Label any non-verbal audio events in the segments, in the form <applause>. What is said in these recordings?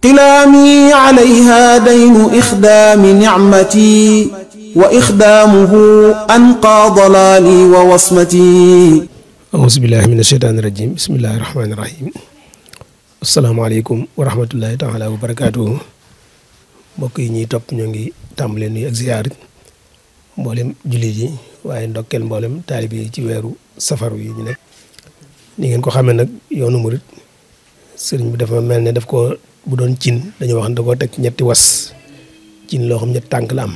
قلامي عليها دين إخدام نعمتي وإخدامه أنقى ضلالي ووصمتي أعوذ بالله من الشيطان الرجيم بسم الله الرحمن الرحيم السلام عليكم ورحمة الله تعالى وبركاته mbokk yi ñuy topp ñoo ngi tàmbale nuyu ak ziyaar mboolem jullit yi waaye ndokkeel mboolem taalibe yi ci weeru safar yi ñu nekk ni ngeen ko xamee nag yoonu murit sëriñ bi dafa mel ne daf ko bu doon cin dañu wax ne da koo teg ñetti was cin loo xam ñetti tànk la am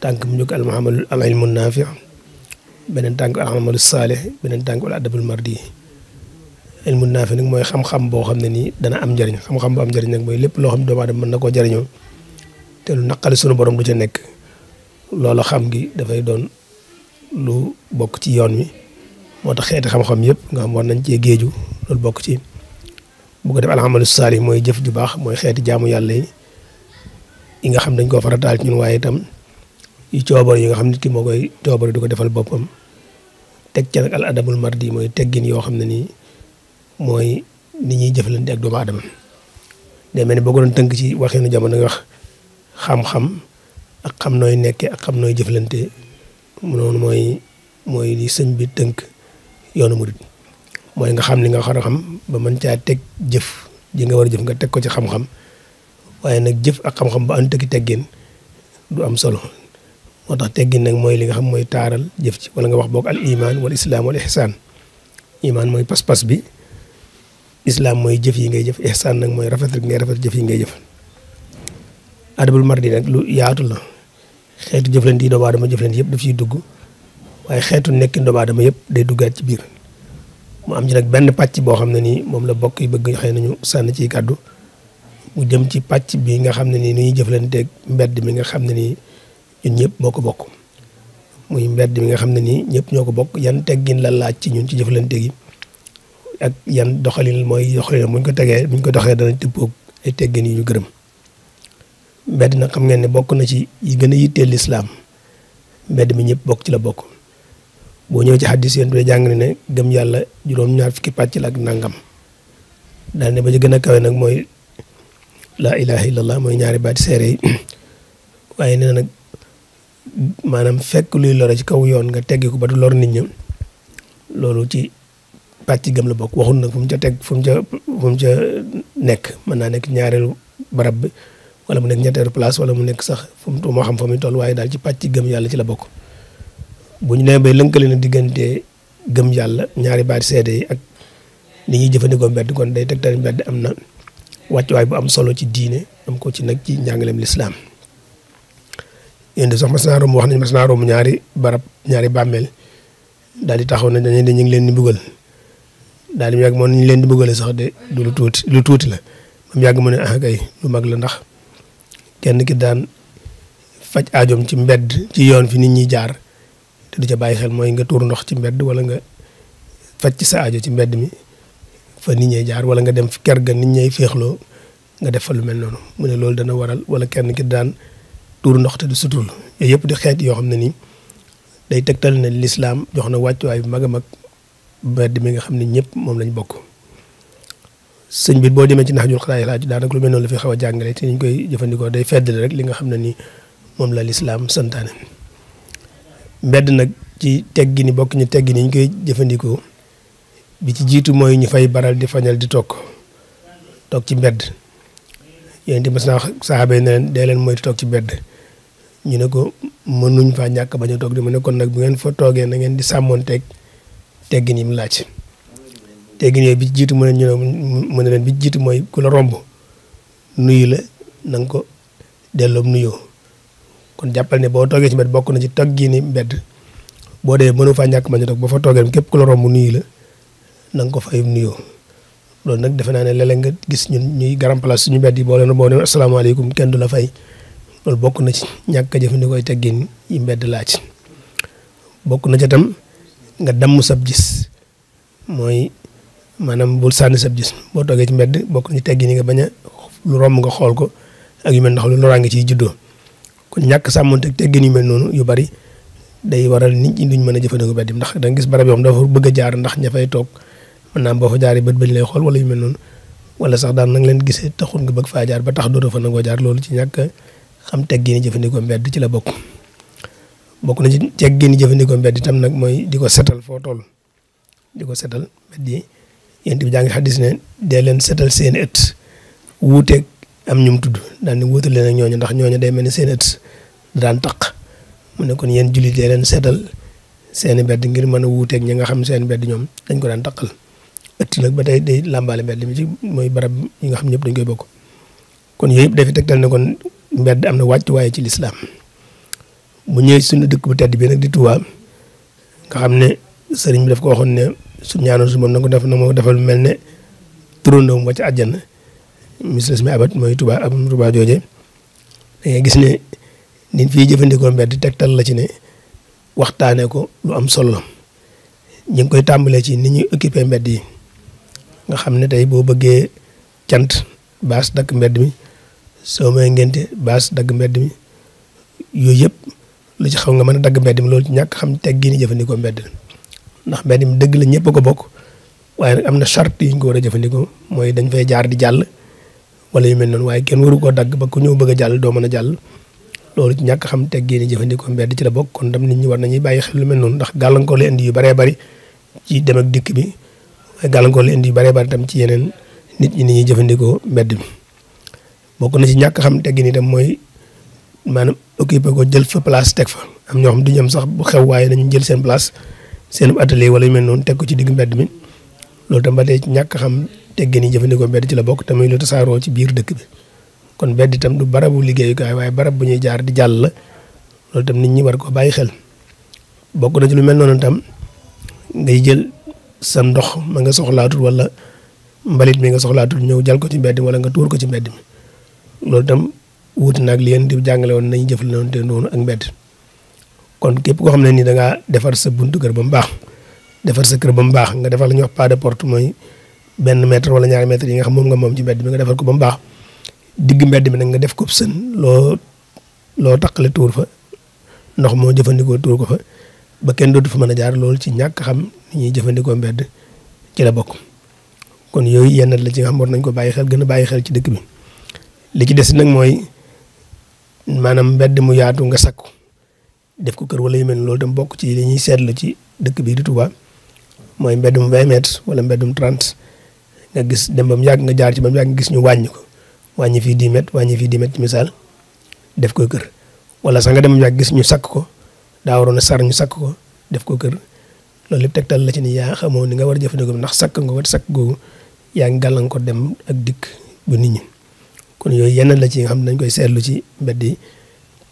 tànk mu njëkk almahamalul al ilmu naafi beneen tànk alamalu saalih beneen tànk al adabul mardi ilmu naafi nag mooy xam-xam boo xam ne nii dana am njariñ xam-xam am njariñ nag mooy lépp loo xam ne doomu aadama mën na koo jariñoo te lu naqali sunu borom du ca nekk loolu xam gi dafay doon lu bokk ci yoon wi moo tax xeeti xam-xam yëpp nga xam war nañ cee géeju loolu bokk ci bu ko def alamalu saalih mooy jëf ju baax mooy xeeti jaamu yàlla yi nga xam dañ koo farataal ci ñun waaye itam yi coobare yi nga xam nit ki moo koy coobare du ko defal boppam teg ca nag al adabul mardi mooy teggin yoo xam ne nii mooy ni ñuy jëflante ak doomu aadama day mel ni boo ko doon tënk ci waxinu jamono nga wax xam-xam ak xam nooy nekkee ak xam nooy jëflante noonu mooy mooy li sëñ bi tënk yoonu murid mooy nga xam li nga war a xam ba man caa teg jëf ji nga war a jëf nga teg ko ci xam-xam waaye nag jëf ak xam-xam ba ànd ak teggin du am solo moo tax teggin nag mooy li nga xam mooy taaral jëf ci wala nga wax boog al iman wal islaam wal ihsaan iman mooy pas-pas bi islaam mooy jëf yi ngay jëf ihsaan nag mooy rafet rafetal ngay rafet jëf yi ngay jëf adabul mardi nag lu yaatu la xeetu jëflante yi doomu jëf jëflante yëpp daf ciy dugg waaye xeetu nekkin doomu aadama yëpp day duggaat ci biir mu am ci rek benn pàcc boo xam ne nii moom la bokk yi bëgg xëy nañu sànni kàddu mu jëm ci pàcc bi nga xam ne nii nu ñuy jëflanteeg mbedd mi nga xam ne nii ñëpp moo ko bokk muy mbedd mi nga xam ne nii ñëpp ñoo ko bokk yan teggin la laaj ci ñun ci jëflante gi ak yan doxalin mooy doxalin muñ ko tegee muñ ko doxee dana tëppoog ay teggin yi ñu gërëm mbedd na xam ngeen ne bokk na ci yi gën a yitteel lislaam mbedd mi ñëpp bokk ci la bokk boo ñëwee ci xaddis yéen bi jàng ne gëm yàlla juróom-ñaar fukki pàcc la ak nangam daal ne ba ci gën a kawe nag mooy laa ilaha illallah mooy ñaari baati seere yi <coughs> waaye nee nag maanaam fekk luy lore ci kaw yoon nga teggi ko ba du lor nit ñi loolu ci pàcc gëm la bokk waxul nag fu mu ca teg fu mu ca fu mu nekk man naa nekk ñaareelu barab bi wala mu nekk ñetteelu place wala mu nekk sax fu mu moo xam fa muy toll waaye daal ci pàcc gëm yàlla ci la bokk bu ñu nee bay lënkale na diggante gëm yàlla ñaari baati seede yi ak li ñuy jëfandikoo mbedd kon day teg tegtal mbedd am na wàcc waay bu am solo ci diine am ko ci nag ci njàngaleem lislaam yéen de sax mas naa wax nañ mas naa ñaari barab ñaari bàmmeel daal di taxaw ne dañu ne ñu ngi leen di buggal daal di mu yàgg moom ñu leen di buggale sax lu tuuti lu tuuti la moom yàgg mu ne ah, lu mag la ndax kenn ki daan faj aajoom ci mbedd ci yoon fi nit ñi jaar di ca bàyyi xel mooy nga tuur ndox ci mbedd wala nga faj ci sa aajo ci mbedd mi fa nit ñee jaar wala nga dem ker ga nit ñay féexloo nga def fa lu mel noonu mu ne loolu dana waral wala kenn ki daan tuur ndox te du sutul yooyu yëpp di xeet yoo xam ne ni day tegtal ne lislaam jox na wàccuwaay bu mag a mag mbedd mi nga xam ne ñëpp moom lañ bokk. sëñ bi boo demee ci naxjul xalaay laaj daanaka lu mel noonu la fi xaw a jàngale te ñu koy jëfandikoo day rek li nga xam ne nii moom la lislaam santaane. mbedd nag ci teggi bokk ñu teggi ni ñu koy jëfandikoo bi ci jiitu mooy ñu fay baral di fañal di toog toog ci mbedd yéen di mas naa saxaaba yi ne leen dee leen moytu toog ci mbedd ñu ne ko mënuñ faa ñàkk bañ a toog di mu ne kon nag bu ngeen foo toogee na ngeen di sàmmoon teg teggin yi mu laaj teggin yooyu bi ci jiitu mu ne ñu ne mu ne leen bi jiitu mooy ku la romb nuyu la na ko delloom nuyoo kon jàppal ne boo toogee ci mbedd bokk na ci toog gii ni mbedd boo dee mënu faa ñàkk ma ñu fa toogee képp ku la romb la na nga ko fay nuyoo loolu nag defe naa ne léeg nga gis ñun ñuy garam place suñu mbedd yi boo leen boo ne asalaamaaleykum du la fay bokk na ci ñàkk jëfandikoo ay teggin mbedd laaj bokk na ca tam nga damm sab gis mooy maanaam bul sànni sab gis boo toogee ci mbedd bokk na ci teggin yi nga bañ a lu romb nga xool ko ak yu mel ndax lu loraa ngi ciy juddoo kon ñàkk sàmmonte teggin yu mel nonu yu bari day waral nit ñi duñ mëna a jëfandikoo bedd ndax da nga gis barab yoo xam dafa bëgg jaar ndax ña fay toog mën naa boo fa bañ lay xol wala yu mel nonu wala sax daan na leen gisee taxul nga bëgg fa jaar ba tax do fa nangoo jaar loolu ci ñak xam teggin jëfandikoo mbedd ci la bokk bokku na ci teggin jëfandikoo mbedd itam nag mooy di ko setal foo toll di ko setal mbedd yi yent bi jang hadith ne dee leen setal seen et wuuteeg am ñum tudd daan ne wutale nag ñooñu ndax ñooñu day mel ni seen ët daan taq mu ne kon yéen julit leen seetal seeni bedd ngir mën a wuuteeg ñi nga xam seen bedd ñoom dañ ko daan taqal ëtt nag ba tey day làmbaale bedd mi ci mooy barab yi nga xam ñëpp dañ koy bokk kon yooyu yëpp dafi tegtal ne kon mbedd am na wàcc ci lislaam mu ñëw suñu dëkk bu tedd bi nag di Tuubaa nga xam ne sëriñ bi daf ko waxoon ne su ñaanoon su moom na ko def na moo defal mel ne turandoom wàcc àjjana mislas mi abat mooy tubaa ab Touba jooje da gis ne nit fii jëfandikoo mbedd tal la ci ne waxtaanee ko lu am solo ñu ngi koy tàmbalee ci ni ñuy occupé mbedd yi nga xam ne tey boo bëggee cant baas dakk mbedd mi soo may ngente baas dagg mbedd mi yooyu yëpp lu ci xaw nga mën a dagg mbedd loolu ci ñàkk xam teg gi ni jëfandikoo mbedd ndax mbedd mi dëgg la ñëpp ko bokk waaye nag am na chart yu ñu ko a jëfandikoo mooy dañ fay jaar di jàll wala yu mel noonu waaye kenn waru koo dagg ba ku ñëw bëgg a jàll doo mën a jàll loolu ci ñàkk xam teggee ni jëfandikoo mbedd ci la bokk kon tam nit ñi war nañuy bàyyi lu mel noonu ndax gàllankoor la indi yu baree bari dem ak dikk bi waaye la indi yu baree bari tam ci yeneen nit ñi ni ñuy jëfandikoo mbedd mi bokk na ci ñàkk xam teggin itam mooy maanaam occupé ko jël fa place teg fa am ñoo xam duñu am sax bu xew waaye dañu jël seen place seen atelier wala yu mel noonu teg ko ci digg mbedd mi loolu tam ba tey ñàkk xam teggin yi jëfandikoo mbedd ci la bokk te muy lu tasaaroo ci biir dëkk bi kon mbedd tam du barabu liggéeyukaay waaye barab bu ñuy jaar di jàll la loolu nit ñi war ko bàyyi xel bokk na ci lu mel noonu tam ngay jël sa ndox ma nga soxlaatul wala mbalit mi nga soxlaatul ñëw jal ko ci mbedd wala nga tuur ko ci mbedd mi loolu tam wuti naag li yéen di jàngale woon nañu jëflante noonu ak mbedd kon képp koo xam ne ni da ngaa defar sa buntu kër ba mu baax defar sa kër ba mu baax nga defal pas de porte mooy benn mètre wala ñaari mètre yi nga xam moom nga moom ci mbedd bi nga defar ko ba mu digg mbedd bi nag nga def ko sën loo loo taqale tuur fa ndox moo jëfandikoo tuur ko fa ba kenn dootu fa mën a jaar loolu ci ñàkk xam ni ñuy jëfandikoo mbedd ci la bokk kon yooyu yenn la ci nga xam war nañ ko bàyyi xel gën a bàyyi xel ci dëkk bi li ci des nag mooy maanaam mbedd mu yaatu nga sakku def ko kër wala yu mel loolu tam bokk ci li ñuy seetlu ci dëkk bi di Touba mooy mbeddum vingt mètres wala mbeddum trente nga gis dem bam yag nga jaar ci bam yag gis ñu wàññi ko wàññi fi 10 mètres wàññi fi 10 mètres ci def ko kër wala sa nga dem yag gis ñu sak ko daa waroon sar ñu sak ko def ko kër loolu lepp tektal la ci ni ya xamoo ni nga war jëf jëfandikoo ndax sak nga war sakk googu yaa ngi ko dem ak dik bu nit ñi kon yoy yenn la ci nga xam nañ koy sétlu ci mbeddi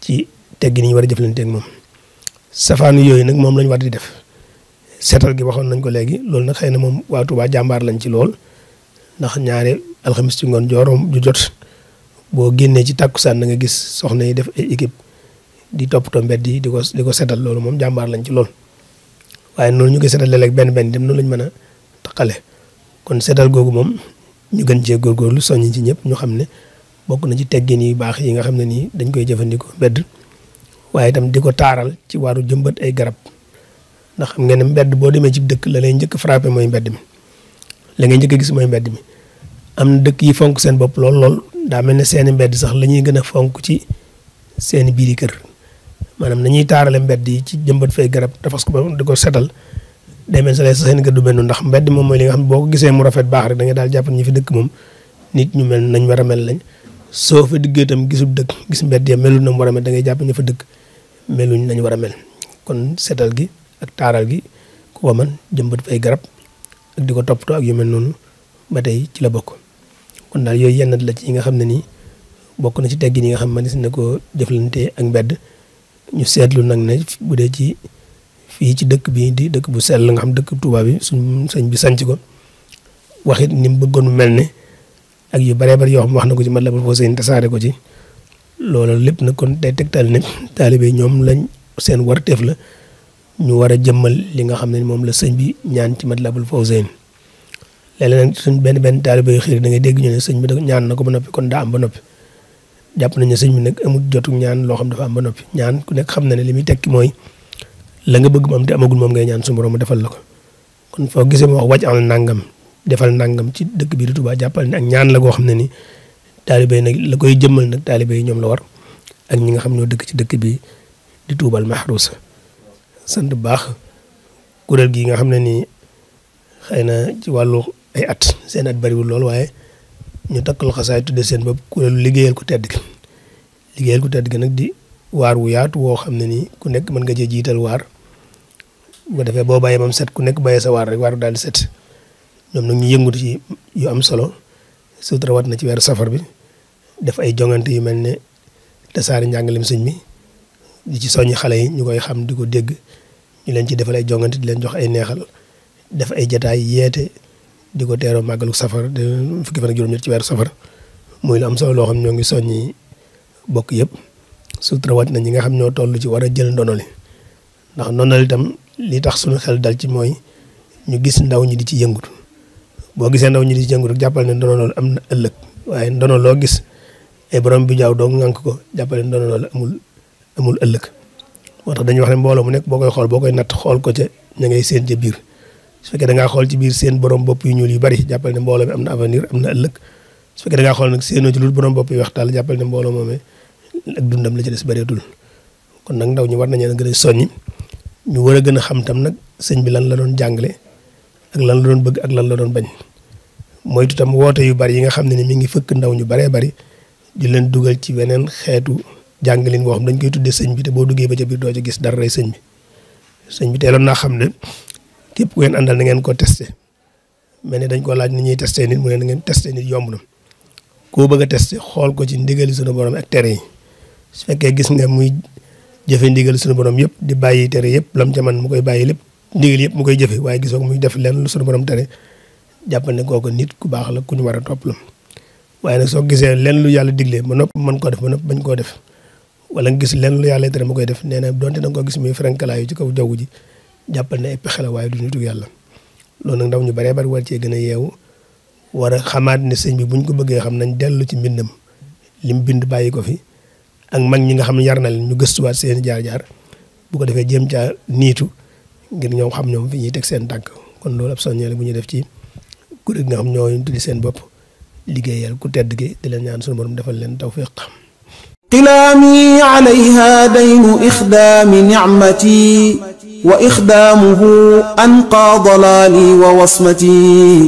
ci tegg ni ñu war lañ di def seetal gi waxon nañ ko léegi loolu nak xeyna mom wa tuba jambar lañ ci ndax ñaari alxamis ci ngoon joorom ju jot boo génnee ci tàkkusaan da nga gis soxna yi def ay équipe di toppatoo mbedd yi di ko di ko setal loolu moom jàmbaar lañ ci lool waaye noonu ñu koy setal léeg-léeg benn benn dem noonu lañ mën a taqale kon setal googu moom ñu gën cee góorgóorlu soññ ci ñëpp ñu xam ne bokk na ci teggin yu baax yi nga xam ne nii dañ koy jëfandikoo mbedd waaye tam di ko taaral ci waaru jëmbat ay garab ndax xam ngeen ne mbedd boo demee ci dëkk la lay njëkk frappé mooy mbedd mi la ngay njëkk gis moy mbedd mi am dëkk yi fonk seen bopp lool lool da melni seen seeni mbedd sax la ñuy gën fonk ci seen biiri kër manam nañuy taarale mbedd yi ci jëmbat fay garab tafas ko ba di ko setal day mel ne seen gëddu du benn ndax mbedd mom moy li nga xam boko gisé mu rafet baax rek da nga dal japp ñi fi dëkk mom nit ñu mel nañ wara mel lañ soo fa diggee itam dëkk gis mbedd ya melu na mu wara mel da nga japp ñi fa dëkk meluñ nañ wara mel kon sétal gi ak taaral gi ko man jëmbat fay garab ak di ko toppatoo ak yu mel noonu ba tey ci la bokk kon daal yooyu yenn la ci yi nga xam ne ni bokk na ci teggin yi nga xam ne si na ko jëflante ak mbedd ñu seetlu nag ne bu dee ci fii ci dëkk bi di dëkk bu sell nga xam dëkk Tuubaa bi suñ sëñ bi sanc ko waxit ni mu bëggoon mu mel ne ak yu bare bari yoo xam wax na ko ci Matlabul Fawzayni tasaare ko ci looloo lépp nag kon day tegtal ne taalibe ñoom lañ seen warteef la ñu war a jëmmal li nga xam ne moom la sëñ bi ñaan ci Matlabul Fawzayni léeg-léeg nag suñ benn benn taalibe yu xiir da ngay dégg ñu ne sëñ bi ñaan na ko ba noppi kon daa ba noppi jàpp nañ sëñ bi nag amul jotu ñaan loo xam dafa am ba noppi ñaan ku nekk xam na ne li muy tekki mooy la nga bëgg moom te amagul moom ngay ñaan suñu borom defal la ko kon foo gisee mu wax wàcc al nangam defal nangam ci dëkk bi di jàppal ne ñaan la goo xam ne ni taalibe yi nag la koy jëmmal nag taalibe yi ñoom la war ak ñi nga xam ñoo dëkk ci dëkk bi di tuubal mahrusa sant baax kuréel gi nga xamne ni xeyna ci walu ay at seen at wu lol waye ñu takk xasaay tudde seen bopp kuréelu liggéeyal ku tedd gi liggéeyal ku tedd gi nak di war wu yaatu wo xamne ni ku nekk man nga jé jital war bu defee bo baye mam set ku nekk baye sa war rek waru dal set ñom nak ñu yëngu ci yu am solo sutra wat na ci weeru safar bi def ay jongante yu mel ne jangalim señ sëñ mi di ci soññi xale yi ñu koy xam di ko dégg ñu leen ci defal ay jongante di leen jox ay neexal def ay jataay yeete di ko teeroo màggalu safar di fukki fan ak juróom-ñett safar muy solo loo xam ñoo ngi soññi bokk yëpp surtout na ñi nga xam ñoo toll ci war a jël ndono li ndax ndono li tam li tax suñu xel dal ci mooy ñu gis ndaw ñi di ci yëngutu boo gisee ndaw ñi di ci yëngutu jàppal na ndono loolu am na ëllëg waaye ndono loo gis ay borom bi jaaw doo ngànk ko jàppale ndono loolu amul amul ëlëk motax dañu wax ne mbolo mu nek bokay xol bokay nat xol ko ci ña ngay seen ci biir su fekkee da ngaa xool ci biir seen borom bopp yu ñuul yu bari jàppal ne mbooloo mi am na avenir am na ëllëg su fekkee da ngaa xool nag seenoo ci lu borom bopp yu wax daal jàppal ne mbooloo moomee ak dundam la ci des bareetul kon nag ndaw ñu war nañu gën a soññi ñu war a gën a xam tam nag sëñ bi lan la doon jàngale ak lan la doon bëgg ak lan la doon bañ moytu tam woote yu bari yi nga xam ne ni mi ngi fëkk ndaw ñu bare bari di leen dugal ci beneen xeetu jangaleen boo xam dañ koy tuddé señ bi te bo duggé ba ca bir do ca gis dara señ bi señ bi teeloon naa xam ne képp ku ngeen andal na ngeen ko testé melni dañ ko laaj ni ñi testé nit mu ne ngeen testé nit yomb na ko bëgg testé xol ko ci ndigal suñu borom ak tere yi su fekkee gis nga muy jëfé ndigal suñu borom yépp di bayyi tere yépp lam ca man mu koy bayyi lépp ndigal yépp mu koy jëfé waye gisoko muy def lén lu suñu borom tere jàppal né kooku nit ku baax la ku ñu wara top lu waye nak so gisé lén lu yalla digle mo nopp man ko def mo nopp bañ ko def wala nga gis lenn lu yàlla tere mu koy def nee na donte da nga ko gis muy frenkalaayu ci kaw jaww ji jàppal na ay pexe la waaye du yàlla loolu nag ndaw ñu baree bari war cee gën a yeewu war a xamaat ne sëñ bi buñ ko bëggee xam nañ dellu ci mbindam lim bind bàyyi ko fi ak mag ñi nga xam ne yar na leen ñu gëstuwaat seen jaar-jaar bu ko defee jéem caa niitu ngir ñoom xam ñoom fi ñuy teg seen tànk kon loolu ab soññee bu ñuy def ci ku gi nga xam ñoo tuddi seen bopp liggéeyal ku tedd gi di leen ñaan suñu borom defal leen tawfiq تلامي عليها دين إخدام نعمتي وإخدامه أنقى ضلالي ووصمتي